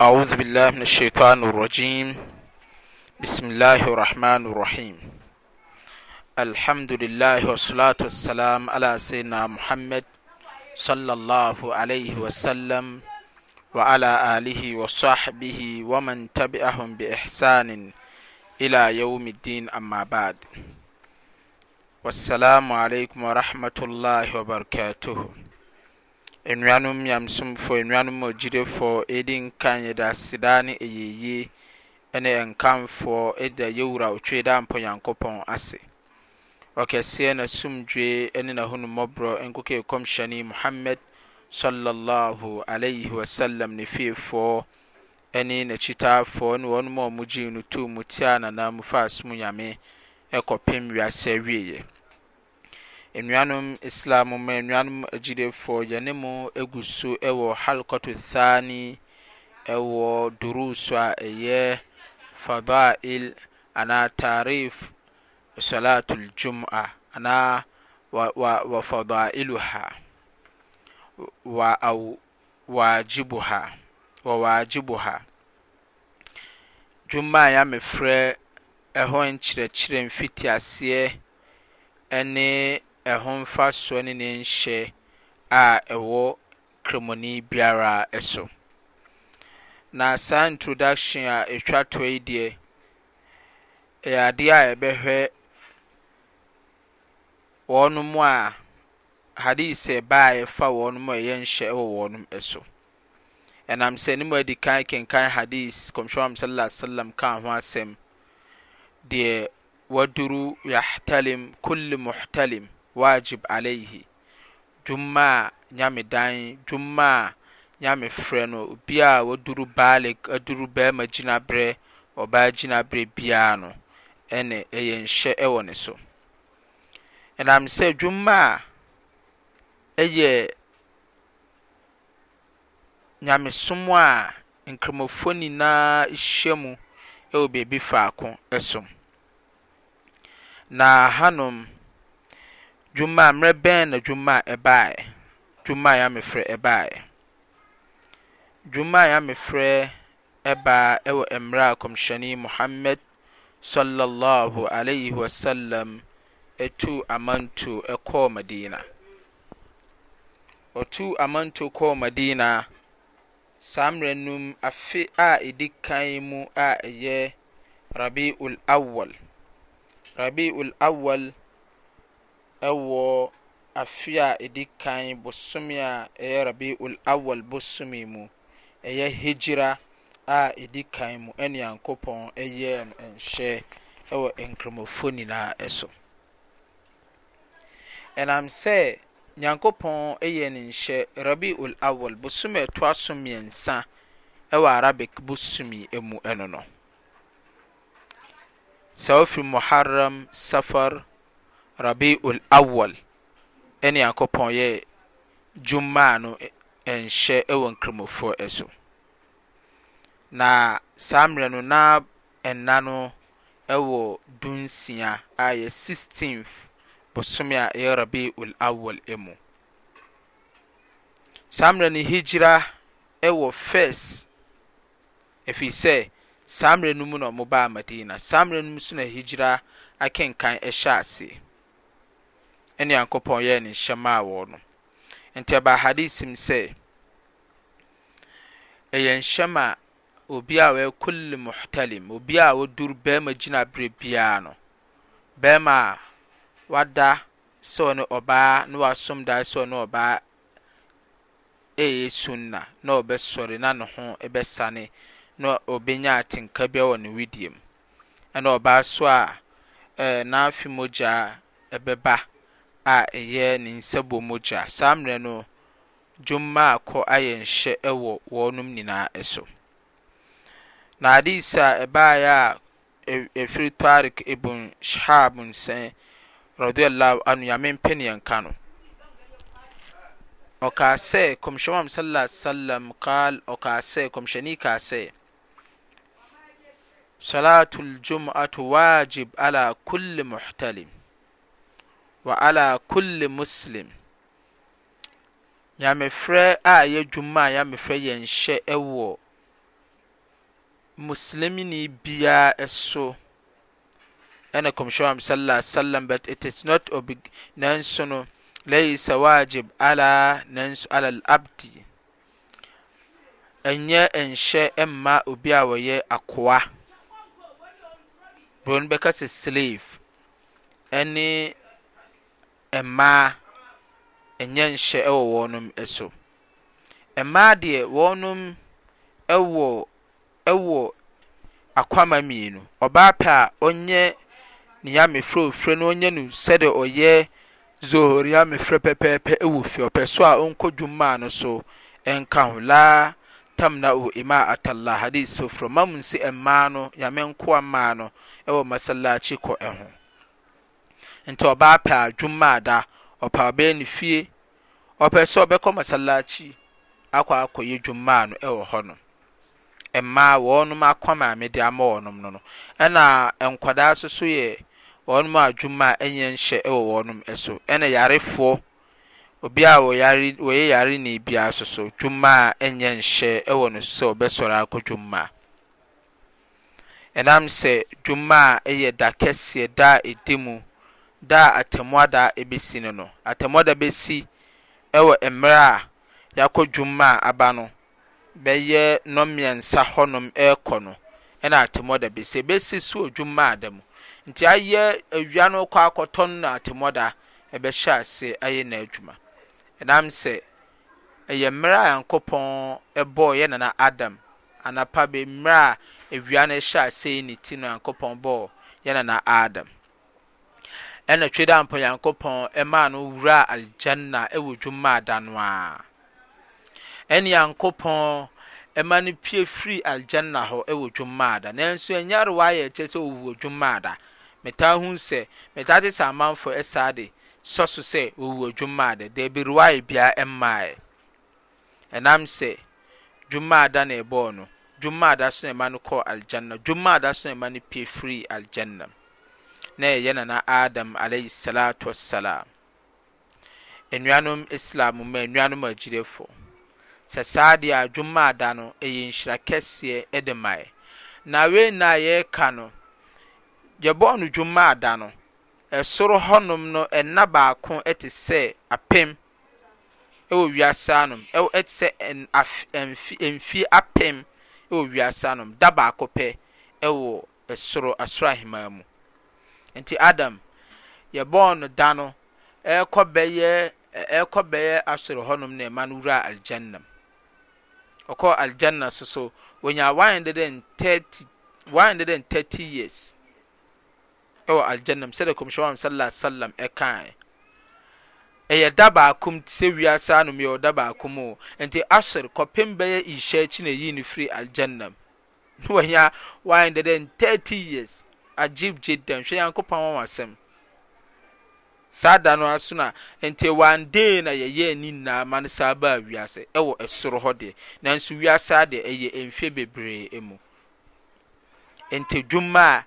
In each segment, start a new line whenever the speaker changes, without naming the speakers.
أعوذ بالله من الشيطان الرجيم بسم الله الرحمن الرحيم الحمد لله والصلاة والسلام على سيدنا محمد صلى الله عليه وسلم وعلى آله وصحبه ومن تبعهم بإحسان إلى يوم الدين أما بعد والسلام عليكم ورحمة الله وبركاته nnuanom nyamsomfoɔ nnuanom ogyidefoɔ ɛdi nkan yɛda asedaa ne ɛyɛyie ɛne ɛnkamfoɔ ɛda yɛwura otwe da mpɔ nyankopɔn ase ɔkɛseɛ na sumdwe ɛne n'ahonommɔborɔ nkokɛ kɔmhyɛne muhammad sallallahu alayhi wasallam ne fiefoɔ ɛne n'akyitaafoɔ ne wɔn mu a wɔgyee no tuu mu tiaa na mu faa som nyame ɛkɔpem wiasɛ wieɛ nnuanom islam ma nnuanom agyidefoɔ yɛne mu egu so wɔ halkoto thani wɔ duruso a ɛyɛ fadail anaa tarif salatul jum'a anaa wa wa wa fadailuha wa ha wajibuha wa wajibuha dwuma a yɛamefrɛ ɛhɔ nkyerɛkyerɛ mfitiaseɛ ɛne. ɛho mfasoɔ ne ne nhyɛ a ɛwɔ kremoni biara ɛso na saa introduction a ɛtwa toɔ yi deɛ ɛyɛ adeɛ a yɛbɛhwɛ wɔnom a hadis ɛbaa yɛfa wɔnom a ɛyɛ nhyɛ wɔ wɔnom ɛso ɛnam sɛ ne mu adi kan kenkan hadis kɔmhyɛwam sallallahu alaihi wasallam ka ho asɛm deɛ waduru yahtalim kulli muhtalim wajib alayhi dwuma a nyame dan dwuma a nyame frɛ no obi a waduru baalik aduru bɛrima gyinaberɛ ɔbaa gyinaberɛ biara no ɛne ɛyɛ nhyɛ ɛwɔ ne so ɛnam sɛ dwuma a ɛyɛ nyamesom a nkramofoɔ nyinaa ehyia mu ɛwɔ beebi faako ɛsom na hanom dwuma a mmerɛ bɛn na dwuma a ɛbaeɛ dwuma a yɛamefrɛ ɛbaeɛ dwuma a yɛamefrɛ ɛbaa ɛwɔ mmerɛ a kɔmhyɛne muhammad sallallahu alayhi wa sallam ɛtu amanto ɛkɔɔ madina ɔtu amanto kɔɔ madina saa mmerɛ num afe a ɛdi kan mu a ɛyɛ rabiul awal rabiul awal ɛwɔ afe a ɛdi kan bosome a ɛyɛ rabiul awal bosome mu ɛyɛ hijira a ɛdi kan mu ɛne yankopɔn ɛyɛ no nhyɛ ɛwɔ nkramofoɔ nyinaa ɛso ɛnam sɛ nyankopɔn ɛyɛ ne nhyɛ rabiul awal bosome ɛtoa so mmiɛnsa ɛwɔ arabic bosome mu ɛno no sɛ wofiri muharram safar rabiulowal ɛniankopɔn yɛ dwumaa no ɛnhyɛ wɔ nkrimofo ɛso na sa mmerɛ no na ɛnna no ɛwɔ dunsia a yɛ 1sixten bosome a ɛyɛ rabiul'owal mu sa merɛ no higyira ɛwɔ first afiri sɛ sa mmerɛ no mu na ɔmo baa m'adinina sa mmerɛ no mu nso na higira akenkan hyɛ ase ne nyankopɔn yɛɛ ne hyɛ maa wɔ no nti ɛba hadis mu sɛ ɛyɛ nhyɛm a obi a wɔyɛ kulli muhtalim obi a wɔduru bɛrima gyina berɛ biara no barima a wada sɛ ɔne ɔbaa na wasom da sɛ ɔne ɔbaa ɛyɛ sunna na ɔbɛsɔre na ne ho ɛbɛsane na ɔbɛnya atenka bi wɔ ne widiem ɛna ɔbaa so a ɛɛ n'afe mogya ɛbɛba a ɛyɛɛ ne nsabommu gya saa mmerɛ no dwummaa kɔ ayɛ nhyɛ ɛwɔ wɔ nom nyinaa ɛso naadeisa ɛbaayɛ a ɛfir tarik ibun shhab nsɛ radih a e, nyamempɛneɛnka no ɔkaa sɛ kɔmhyɛ mam sal salam kal ɔkasɛ kɔmhyɛni ka sɛ solat lwumato wagib ala kule mɔhtalem wla kule musem nyamefrɛ a yɛ dwuma a nyame frɛ yɛnhyɛ wɔ muslemni biara ɛso ɛna kmnhyɛ wam sla salm but itis notnns no laisa wagib s alalabdi ɛnyɛ ɛnhyɛ mma obi a wɔyɛ akoa bro n bɛka sɛ slaven mmaa ɛnyɛ nhyɛ wɔ wɔnom so mmaa deɛ wɔnom wɔ wɔ akwama mmienu ɔbaa pɛ a ɔnyɛ ne yame na no ɔnyɛ no sɛdeɛ ɔyɛ zohori yame frɛ pɛpɛɛpɛ wɔ fie ɔpɛ so a ɔnkɔ dwuma no so ɛnka ho laa tamna o ima atallah hadis foforɔ mamu nsi mmaa no yame nkoa mmaa no ɛwɔ masalakyi kɔ ɛho nti ɔbaa pɛ adwuma ada ɔpɛ ɔbɛyɛ ne fie ɔpɛ sɛ ɔbɛkɔ masalakyi akɔ akɔyɛ dwuma no ɛwɔ hɔ no mmaa wɔnom akɔ maame de ama wɔnom no no ɛna nkwadaa nso so yɛ wɔnom adwuma a ɛnyɛ nhyɛ ɛwɔ wɔnom ɛso ɛna yarefoɔ obi a wɔyare wɔyɛ yare ne biara so so dwuma a ɛnyɛ nhyɛ ɛwɔ no so sɛ ɔbɛsɔre akɔ dwuma ɛnam sɛ dwuma a ɛyɛ da kɛseɛ da a ɛdi mu da a atemmuada bɛsi no no atemmuada bɛsi ɛwɔ mmerɛ a yɛakɔ dwuma a aba no bɛyɛ nnɔmmiɛnsa hɔnom ɛrekɔ no ɛna atemmuada bɛsi bɛsi so wɔ da mu nti ayɛ awia no kɔ akɔtɔ no na atemmuada ɛbɛhyɛ ase ayɛ n'adwuma ɛnam sɛ ɛyɛ mmerɛ a nyankopɔn ɛbɔɔ yɛ nana adam anapa bɛ mmerɛ a awia no hyɛ ase ne ti no nyankopɔn bɔɔ yɛ nana adam ɛna twe dɛ ampa nyankopɔn ɛmaa no wura aljanna ɛwɔ dwuma da no a ɛne nyankopɔn ɛma no pie firi aljanna hɔ ɛwɔ dwuma da nanso ɛnyɛ arewa yɛ kyerɛ sɛ ɔwɔ dwuma da metaa hu sɛ metaa te sɛ amanfo ɛsaa de sɔ so sɛ ɔwɔ dwuma da deebi rewa yɛ bia ɛmmaa ɛnam sɛ dwuma da na ɛbɔɔ no dwuma da so na ɛma no kɔɔ aljanna dwuma da so na ɛma no pie firi aljanna mu ɛyɛana adam alaihi salat wassalam nnuanom islamu ma nnuanom agyirefo sɛ saa deɛ a dwumaada no ɛyɛ nhyirakɛseɛ de maɛ na werina yɛreka no yɛbɔɔno dwumaada no ɛsoro hɔnom no ɛna baako te sɛ ape ɔ wiasa nomte sɛ mfi apem wɔ wiasa nom da baako pɛ wɔ ɛsoro asoro ahemaa mu nti adam yɛbɔɔ no da no ɛɛkɔ bɛyɛ ɛɛkɔ bɛyɛ asoro hɔnom na ɛma no wura aljanna ɔkɔ aljanna so so wonya 130 130 years ɛwɔ aljanna mu sɛdeɛ kɔmhyɛn wa sallallahu alaihi wasallam ɛkae ɛyɛ da baako mu sɛ wiase anum yɛ ɔda baako mu nti asoro kɔpem bɛyɛ ihyɛ akyi na ɛyi no firi aljanna mu na wonya 130 years agyib jiddan hwɛ nyankopɔn ama wɔn saa da no aso na nti one na yɛyɛ ani nyinaa ma no saa baa wiase ɛwɔ ɛsoro hɔ deɛ nanso wiase adeɛ ɛyɛ mfe bebree mu nti dwuma a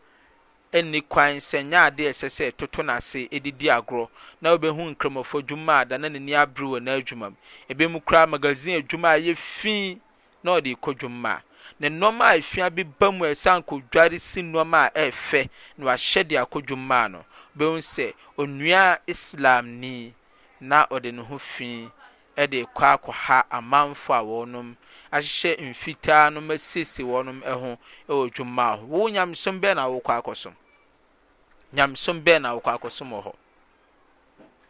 ɛni kwan sɛ nya adeɛ ɛsɛ sɛ ɛtoto n'ase ɛdidi agorɔ na wɔbɛhu nkramofo dwuma a da na n'ani abiri wɔ n'adwuma mu ebi mu kura magazin dwuma a yɛ fii na ɔde kɔ dwuma a ne nneɛma a esua bi ba mu a ɛsan kodware si nneɛma a ɛɛfɛ na wahyɛ de akɔ dwuma no bɛn sɛ onua islam ni na ɔde ne ho fi ɛde kɔ akɔha amanfo a wɔnom ahyehyɛ mfitaa no masiesie wɔnom ho ɛwɔ dwuma hɔ wo nyamesom bɛn na wokɔ akɔsom nyamesom bɛn na wokɔ akɔsom wɔ hɔ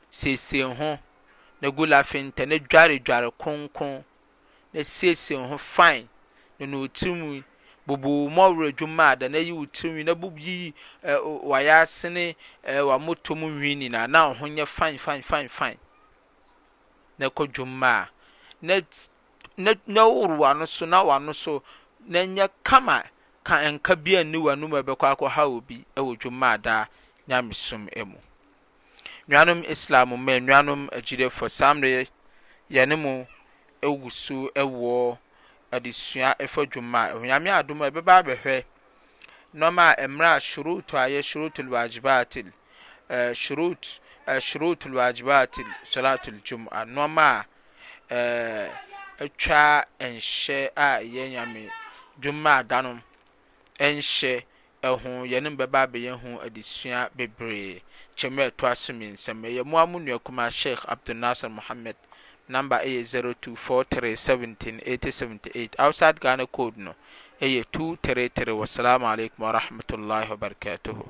siesie ho na gu lafenta na dware kronkron na siesie ho fine nono wo tirinwi bubu ma werɛ na yi wo na bubu yi ɛɛ wayɛ ase ne ɛɛ wamoto mu nwi nyinaa na ho nyɛ fain na kɔ dwuma a na na na woro wano so na wano so na nyɛ kama ka nka bi a ne wano mu ɛbɛkɔ ha obi ɛwɔ dwuma nyamesom nuanom islam mɛ nuanom yɛne mu so adesua ɛfa dwummaa o nyame adom a ɛbɛbaa bɛhwɛ nnɔma a mmerɛ a shuruuto a yɛ shurut alwagibatsrt shurut alwagibat solatal juma nnɔma a twaa ɛnhyɛ a yɛ nyame dwummaa danom ɛnhyɛ ho yɛnem bɛbaa bɛyɛ hu adesua bebree nkyɛmi a atoaso mi nsɛm ɔyɛ mo a mo nnua kuma a sheikh abdunnaser mohammad nambe ay 02 43 7 8 78 autside gana koodino e y 2 33 wassalaamu aleykum warahmatullahi wa barakatuhu